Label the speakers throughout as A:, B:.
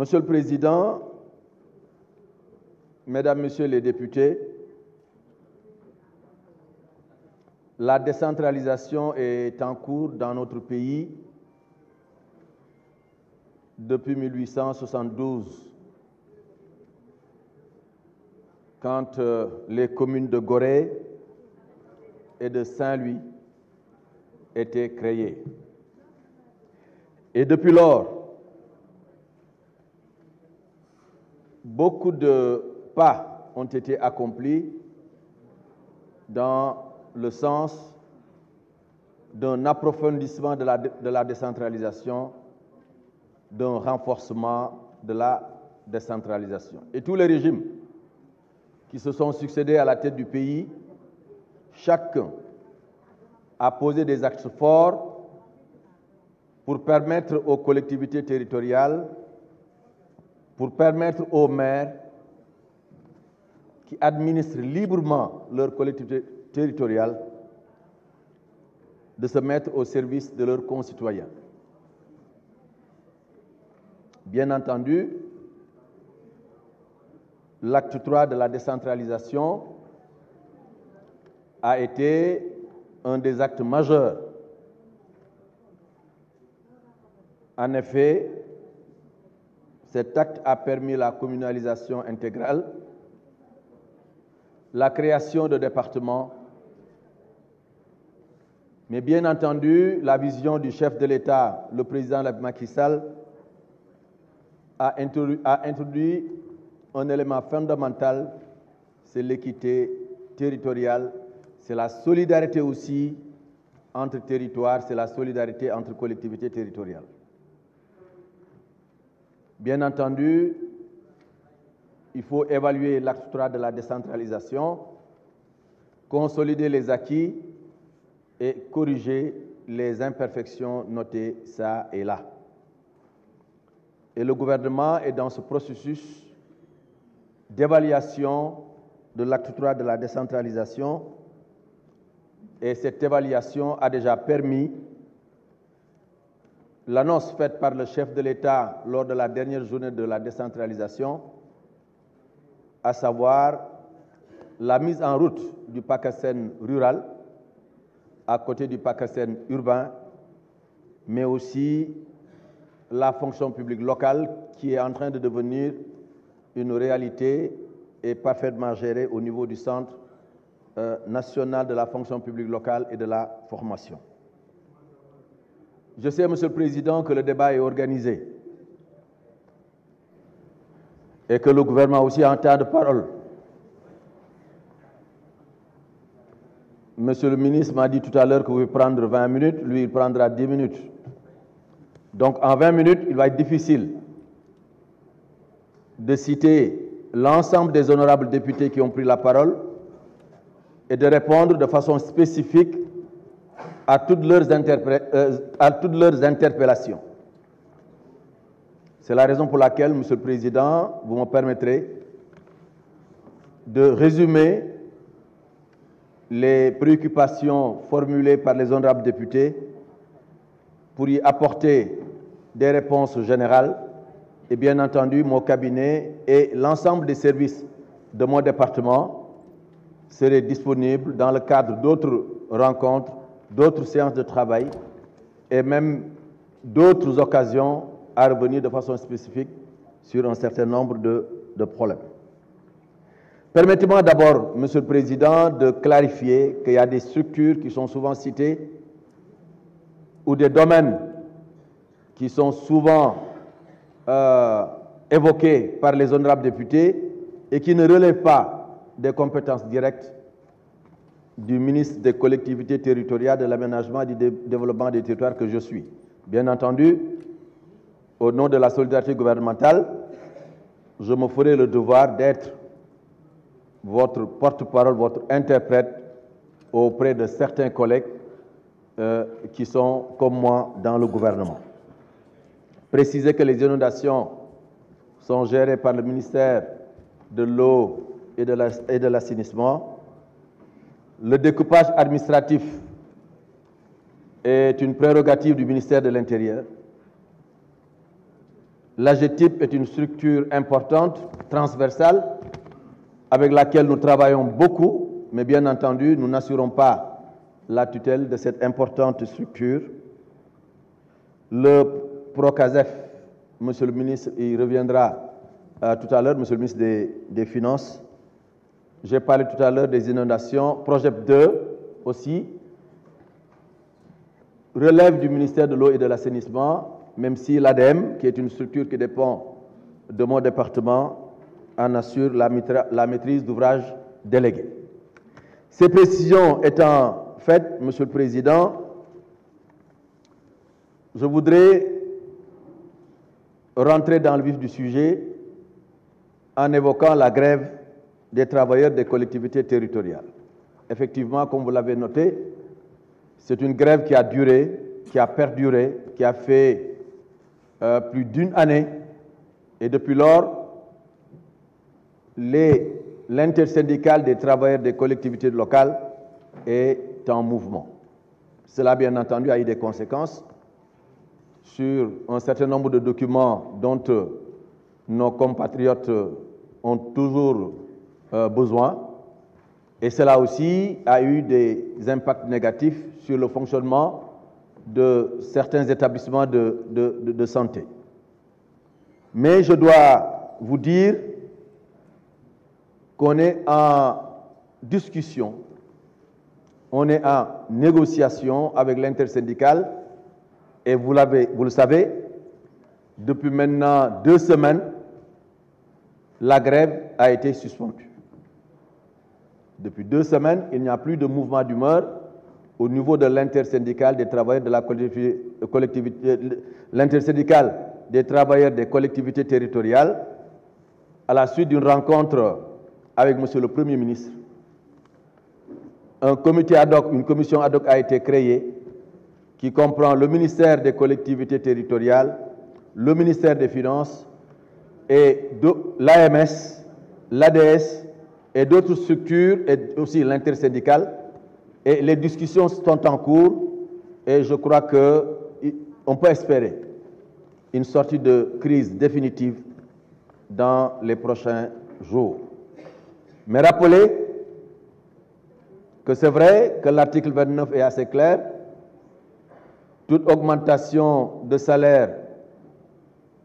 A: Monsieur le Président, Mesdames, Messieurs les députés, la décentralisation est en cours dans notre pays depuis 1872, quand euh, les communes de Gorée et de Saint-Louis étaient créées. Et depuis lors, beaucoup de pas ont été accomplis dans le sens d'un approfondissement de la, décentralisation, d'un renforcement de la décentralisation. Et tous les régimes qui se sont succédés à la tête du pays, chacun a posé des axes forts pour permettre aux collectivités territoriales pour permettre aux maires qui administrent librement leur collectivité territoriale de se mettre au service de leurs concitoyens. Bien entendu, l'acte 3 de la décentralisation a été un des actes majeurs. En effet, cet acte a permis la communalisation intégrale, la création de départements, mais bien entendu, la vision du chef de l'État, le président Macky Sall, a a introduit un élément fondamental, c'est l'équité territoriale, c'est la solidarité aussi entre territoires, c'est la solidarité entre collectivités territoriales. Bien entendu, il faut évaluer l'acte de la décentralisation, consolider les acquis et corriger les imperfections notées ça et là. Et le gouvernement est dans ce processus d'évaluation de l'acte de la décentralisation et cette évaluation a déjà permis L'annonce faite par le chef de l'État lors de la dernière journée de la décentralisation, à savoir la mise en route du Pakistan rural à côté du Pakistan urbain, mais aussi la fonction publique locale qui est en train de devenir une réalité et parfaitement gérée au niveau du Centre euh, national de la fonction publique locale et de la formation. Je sais, Monsieur le Président, que le débat est organisé et que le gouvernement aussi a un temps de parole. Monsieur le ministre m'a dit tout à l'heure que vous prendre 20 minutes, lui il prendra 10 minutes. Donc en 20 minutes, il va être difficile de citer l'ensemble des honorables députés qui ont pris la parole et de répondre de façon spécifique à toutes leurs, euh, à toutes leurs interpellations. C'est la raison pour laquelle, Monsieur le Président, vous me permettrez de résumer les préoccupations formulées par les honorables députés pour y apporter des réponses générales et bien entendu mon cabinet et l'ensemble des services de mon département seraient disponibles dans le cadre d'autres rencontres d'autres séances de travail et même d'autres occasions à revenir de façon spécifique sur un certain nombre de, problèmes. Permettez-moi d'abord, Monsieur le Président, de clarifier qu'il y a des structures qui sont souvent citées ou des domaines qui sont souvent euh, évoqués par les honorables députés et qui ne relèvent pas des compétences directes du ministre des collectivités territoriales, de l'aménagement et du développement des territoires que je suis. Bien entendu, au nom de la solidarité gouvernementale, je me ferai le devoir d'être votre porte-parole, votre interprète auprès de certains collègues euh, qui sont comme moi dans le gouvernement. Préciser que les inondations sont gérées par le ministère de l'eau et de l'assainissement. Le découpage administratif est une prérogative du ministère de l'Intérieur. L'AGTIP est une structure importante, transversale, avec laquelle nous travaillons beaucoup, mais bien entendu, nous n'assurons pas la tutelle de cette importante structure. Le PROCASEF, Monsieur le ministre, il reviendra euh, tout à l'heure, Monsieur le ministre des, des Finances, j'ai parlé tout à l'heure des inondations. Projet 2 aussi relève du ministère de l'eau et de l'assainissement, même si l'ADEME, qui est une structure qui dépend de mon département, en assure la, maîtrise d'ouvrage délégués. Ces précisions étant faites, Monsieur le Président, je voudrais rentrer dans le vif du sujet en évoquant la grève des travailleurs des collectivités territoriales. Effectivement, comme vous l'avez noté, c'est une grève qui a duré, qui a perduré, qui a fait euh, plus d'une année. Et depuis lors, l'intersyndicale des travailleurs des collectivités locales est en mouvement. Cela, bien entendu, a eu des conséquences sur un certain nombre de documents dont euh, nos compatriotes euh, ont toujours euh, et cela aussi a eu des impacts négatifs sur le fonctionnement de certains établissements de, santé. Mais je dois vous dire qu'on est en discussion, on est en négociation avec l'intersyndicale et vous, vous le savez, depuis maintenant deux semaines, la grève a été suspendue. Depuis deux semaines, il n'y a plus de mouvement d'humeur au niveau de l'intersyndicale des travailleurs de la collectivité, l'intersyndicale des travailleurs des collectivités territoriales, à la suite d'une rencontre avec M. le Premier ministre. Un comité ad une commission ad hoc a été créée qui comprend le ministère des collectivités territoriales, le ministère des Finances et l'AMS, l'ADS et d'autres structures, et aussi l'intersyndicale. Et les discussions sont en cours et je crois qu'on peut espérer une sortie de crise définitive dans les prochains jours. Mais rappelez que c'est vrai que l'article 29 est assez clair. Toute augmentation de salaire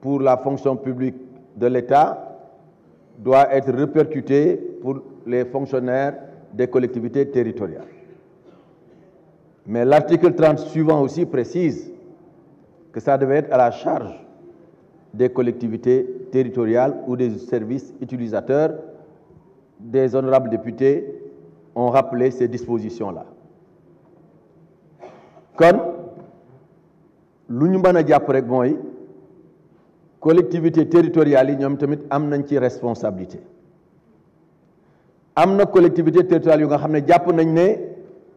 A: pour la fonction publique de l'État doit être répercutée pour les fonctionnaires des collectivités territoriales. Mais l'article 30 suivant aussi précise que ça devait être à la charge des collectivités territoriales ou des services utilisateurs. Des honorables députés ont rappelé ces dispositions-là. Comme l'Union avons a rek responsabilité amna collectivité territoriale yu nga xamné japp nañ né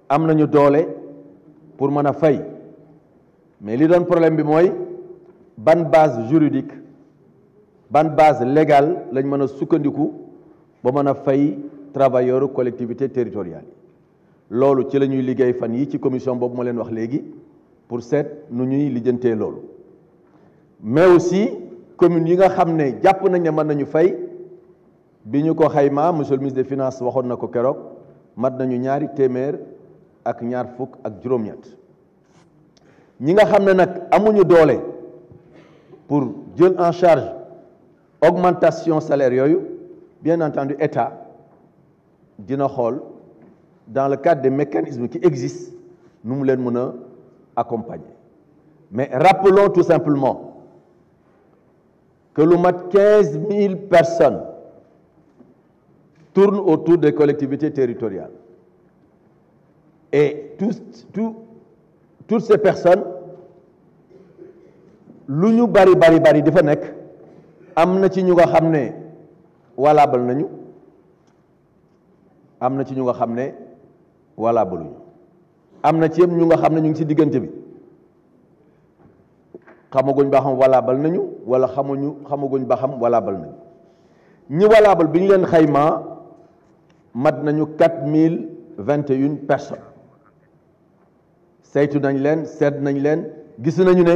A: am nañu doolé pour mëna fay mais li doon problème bi mooy ban base juridique ban base légale lañ mëna a sukkandiku ba mën fay travailleur collectivité territoriale yi loolu ci lañuy liggéey fan yi ci commission boobu ma leen wax léegi pour seet nu ñuy lijjantee loolu mais aussi commune yi nga xam ne jàpp nañ ne mën nañu fay bi ko monsieur le ministre des finances waxon na ko mat nañu ñaari témèr ak ñaar fuk ak juróom-ñett ñi nga amuñu pour jël en charge augmentation salaire bien entendu état dina dans le cadre des mécanismes qui existent nous mu nous accompagner mais rappelons tout simplement que lu mat 15 000 personnes tourne autour des collectivités territoriales. Et tout, tout, toutes ces personnes lu bari bari bari di fa nekk ci ñu nga xamné ne walaabal nañu amna ci ñu nga xamné ne walaabaluñu am ci yëpp ñu nga xamné ñu ci digënté bi xamaguñ ba xam nañu wala xamuñu xamaguñ ba xam nañu ñi walaabal biñu leen xaymaa mat nañu quatre mille vingt et une saytu nañ leen seet nañ leen gis nañu ne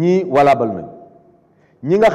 A: ñii walaabal nañ ñi nga